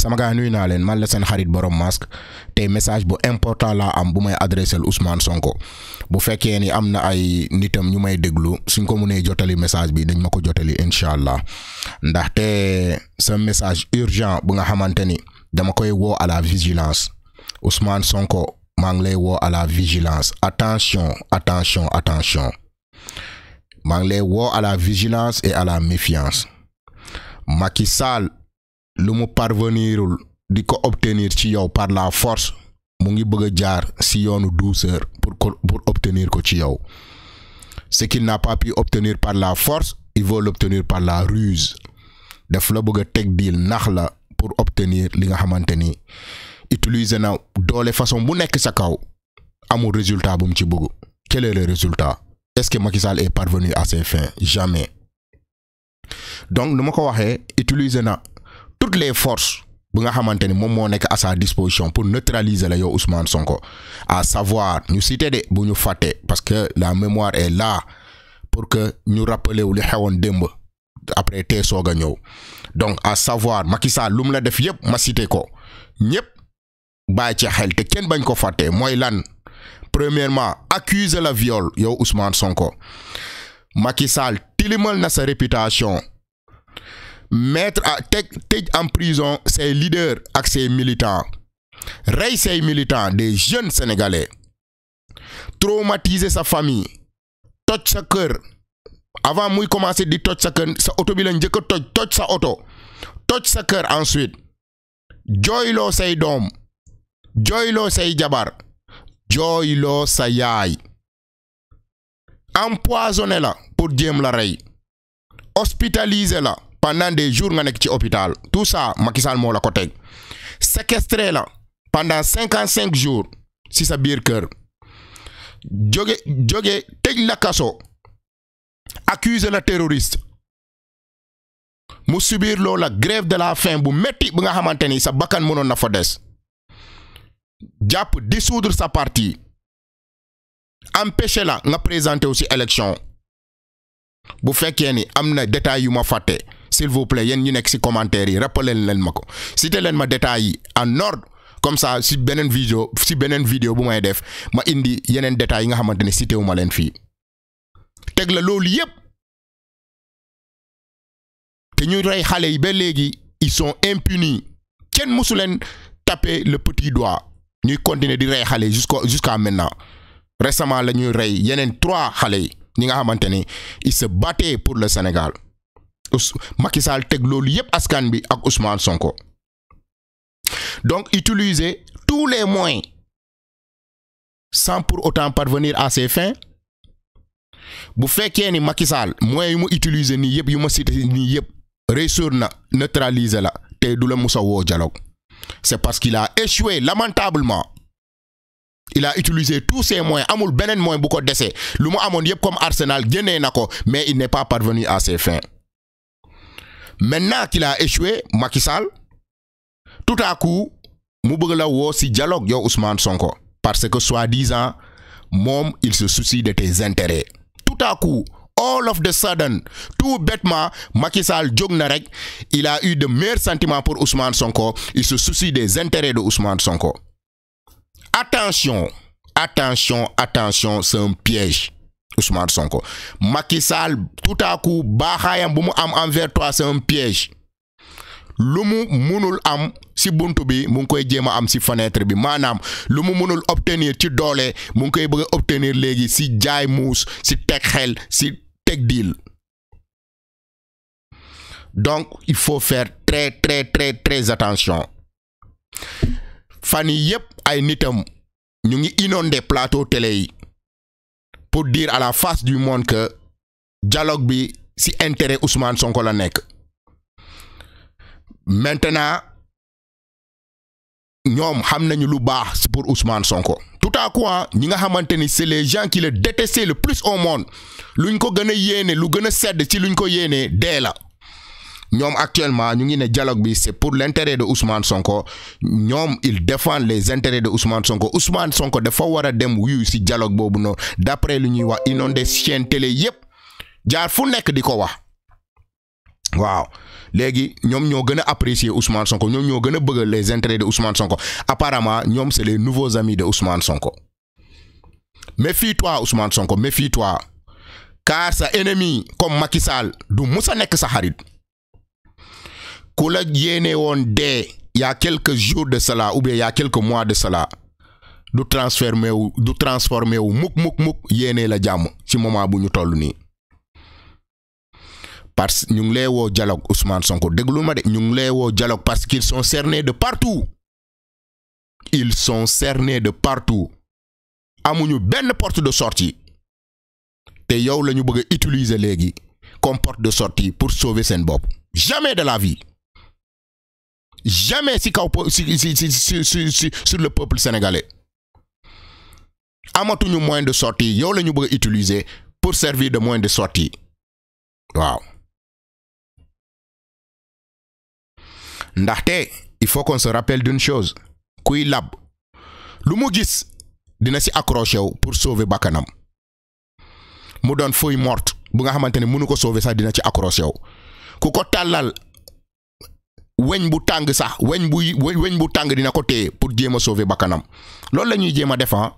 sama gaa nuyu naa leen la borom masque tey message bo important laa am bu may adresser Ousmane Sonko bu fekkee ni am na ay nitam ñu may déglu suñ ko jotali message bi dañ ma ko jotali Nda allah ndaxte message urgent bu nga xamante ni dama koy à la vigilance Ousmane Sonko maa ngi lay à la vigilance attention attention attention maa ngi lay à la vigilance et à la méfiance Makisal le mot parvenir dit obtenir par la force mu ngi bëgg ou si douceur pour pour obtenir ko ci ce qu'il n'a pas pu obtenir par la force il veut l'obtenir par la ruse daf la bëgg a teg pour obtenir li nga xamanteni il utiliser na doole façon bu nekk sa kaw amul résultat bu mu ci bëgg quel est le résultat est-ce que Makisal est parvenu à ses fins jamais donc nu ma utiliser na toutes les forces bu nga xamanteni à sa disposition pour neutraliser la Ousmane Sonko à savoir nous cité de bu ñu parce que la mémoire est là pour que nous rappeler wu li xewon après té soga a donc à savoir Macky Sall lum la def yépp ma cité ko ñëpp bàyyi ci xel te ken bañ ko moi moy lan premièrement accuser la viol yow Ousmane Sonko Macky Sall tilimal na sa réputation mettre en prison ses leaders et ses militants rey ses militants des jeunes sénégalais traumatiser sa famille Toucher sa cœur avant que commencer di à sa cœur sa auto bi la sa auto, Toucher sa cœur ensuite Joïlo say Dom, Joïlo say jabar Joïlo sa yaï. empoisonné la pour Diem la rey Hospitaliser la pendant des jours nga nekk ci hôpital tout ça Macky Sall la ko teg séquestré la pendant 55 jours si sa bir cœur jóge jóge tëj la kaso accuse la terroriste mu subir la grève de la faim bu metti bu nga xamanteni sa bakan mënoon na fa des japp dissoudre sa parti Empêcher la nga présenté aussi élection bu fekkee ni am détail yu ma faté s'il vous plaît yen ñu si commentaire rappelez rappelé mako. ma l'en ma détails en ordre comme ça si benen vidéo si benen vidéo bu may def ma indi yeneen détails nga xamante cité wu ma fi. fii teg la loolu yëpp te ñu rey xale yi ba ils sont impunis kenn mosu taper le petit doigt ñuy continue di rey xale jusqu'à jusqu'à maintenant récemment la ñuy rey yeneen trois xale yi ñi nga ils se battaient pour le Sénégal Macky Sall tek lolou yëpp askan bi ak Ousmane Sonko donc utiliser tous les moyens sans pour autant parvenir à ses fins bu fait ni Macky Sall moyens yu mu utiliser ni yëpp yu ma cité ni neutralise réussir neutraliser la te du la musa dialogue c'est parce qu'il a échoué lamentablement il a utilisé tous ses moyens amul benen moyen bu ko desee lu amone yep comme arsenal génnee nako mais il n'est pas parvenu à ses fins maintenant qu'il a échoué Macky tout à coup mu si dialogue yo Ousmane Sonko parce que soi-disant Mom il se soucie de tes intérêts tout à coup all of the sudden tout bêtement Macky Sall il a eu de meilleurs sentiments pour Ousmane Sonko il se soucie des intérêts de Ousmane Sonko attention attention attention c'est un piège Ousmane Sonko Macky Sall baaxaayam bu mu am envers toi c'est un piège lu mu munul am si buntu bi mu ngi koy jéem a am si fenêtre bi maanaam lu mu munul obtenir ci doole mu ngi koy bëgg a obtenir léegi si jaay muus si teg xel si teg deal donc il faut faire très très attention fan yii yëpp ay nitam ñu ngi inondé plateau télé yi. pour dire à la face du monde que dialogue bi si intérêt Ousmane Sonko la nek maintenant Nous xam nañu lu baax pour Ousmane Sonko tout à quoi hein, nous nga xamanteni c'est les gens qui le détestaient le plus au monde luñ ko gëna a lu gëna a ci luñ ko yéene dee ñoom actuellement ñu ngi ne dialogue bi c'est pour l'intérêt de Ousmane Sonko ñoom ils défendent les intérêts de Ousmane Sonko Ousmane Sonko dafa war a dem wuyu si dialogue boobu no d'après lu ñuy wax inondé chaîne télé yépp jaar fu nekk di ko wax waaw léegi ñoom ñoo gën a apprécier Ousmane Sonko ñoom ñoo gën a bëgg les intérêts de Ousmane Sonko apparemment ñoom c'est les nouveaux amis de Ousmane Sonko méfie-toi Ousmane Sonko méfie-toi car sa ennemi comme Macky Sall du musa nekk sa xarit ku la yéene woon il y a quelques jours de cela ou bien il y a quelques mois de cela du transformer ou du transformer ou muk muk muk, yene la jàmm ci moment bu ñu toll nii parce ñu ngi wo dialogue Ousmane Sonko déglul de ñu dialogue parce qu'ils sont cernés de partout ils sont cernés de partout amuñu belle porte de sortie té yow lañu bëgg utiliser légui comme porte de sortie pour sauver sen Bob, jamais de la vie jamais si sur le peuple sénégalais nous moyen de sortie yow que nous utiliser pour servir de moyen de sortie Waouh. Ndarte, il faut qu'on se rappelle d'une chose kuy lab lu mu gis si accroché pour sauver Bakanam. mu doon feuille morte bu nga xamante ne mënu ko sauver ça, dina ci accroché ku ko wagn bu tang sax wagn bu wagn bu tang dina ko téye pour djéma sauver bakanam lolou lañuy djéma jéem ah.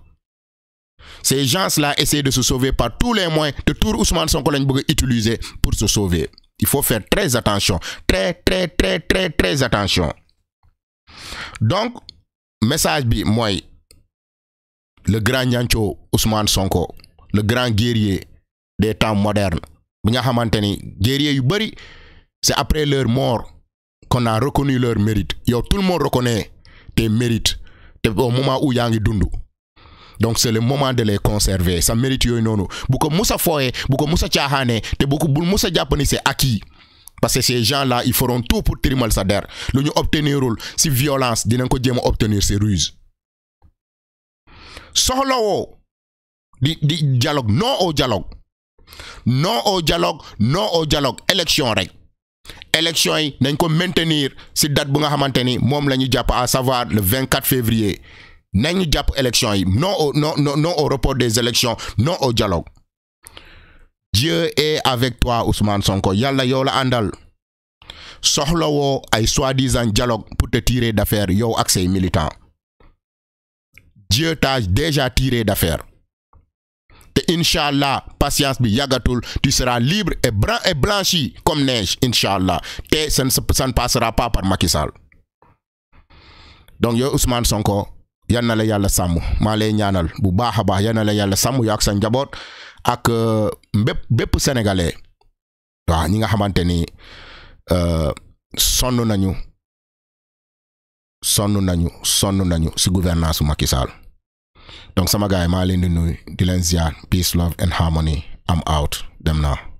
ces gens là essaient de se sauver par tous les moyens de tour Ousmane Sonko lañ bëgg utiliser pour se sauver il faut faire très attention très très très très très attention donc message bi moy le grand Niancho Ousmane Sonko le grand guerrier des temps modernes bi nga xamante guerrier yu c'est après leur mort qu'on a reconnu leur mérite Yo, tout le monde reconnaît tes mérites au moment où Yangi ngi donc c'est le moment de les conserver Ça mérite yo noonu bu ko mus beaucoup de bu ko mus a caaxaanee te c'est acquis parce que ces gens-là ils feront tout pour mal sa der lu un rôle. si violence dinañ ko jéem obtenir ces ruses soxlawoo di dialogue non au dialogue non au dialogue non au dialogue élection règle. Élections, nous nañ ko maintenir si date bu nga xamanteni mom lañu la à savoir le 24 février Nous japp élection yi non au non non non au report des élections non au dialogue Dieu est avec toi Ousmane Sonko yalla yow la àndal wo ay soi-disant dialogue pour te tirer d'affaire yow ak accès militants Dieu t'a déjà tiré d'affaire te incha allah patience bi yàggatul tu seras libre et brun et comme neige incha allah te ça ne ça ne donc yow Ousmane Sonko yan na la yàlla sàmm maa lay ñaanal bu baax a baax yan na la yàlla sàmm yaa sa njaboot ak mbépp euh, bépp sénégalais waaw ñi nga xamante ni euh, sonn nañu sonn nañu sonn nañu si gouvernance Macky donc sama gars yi maa leen di nuyu peace love and harmony i am out Them now.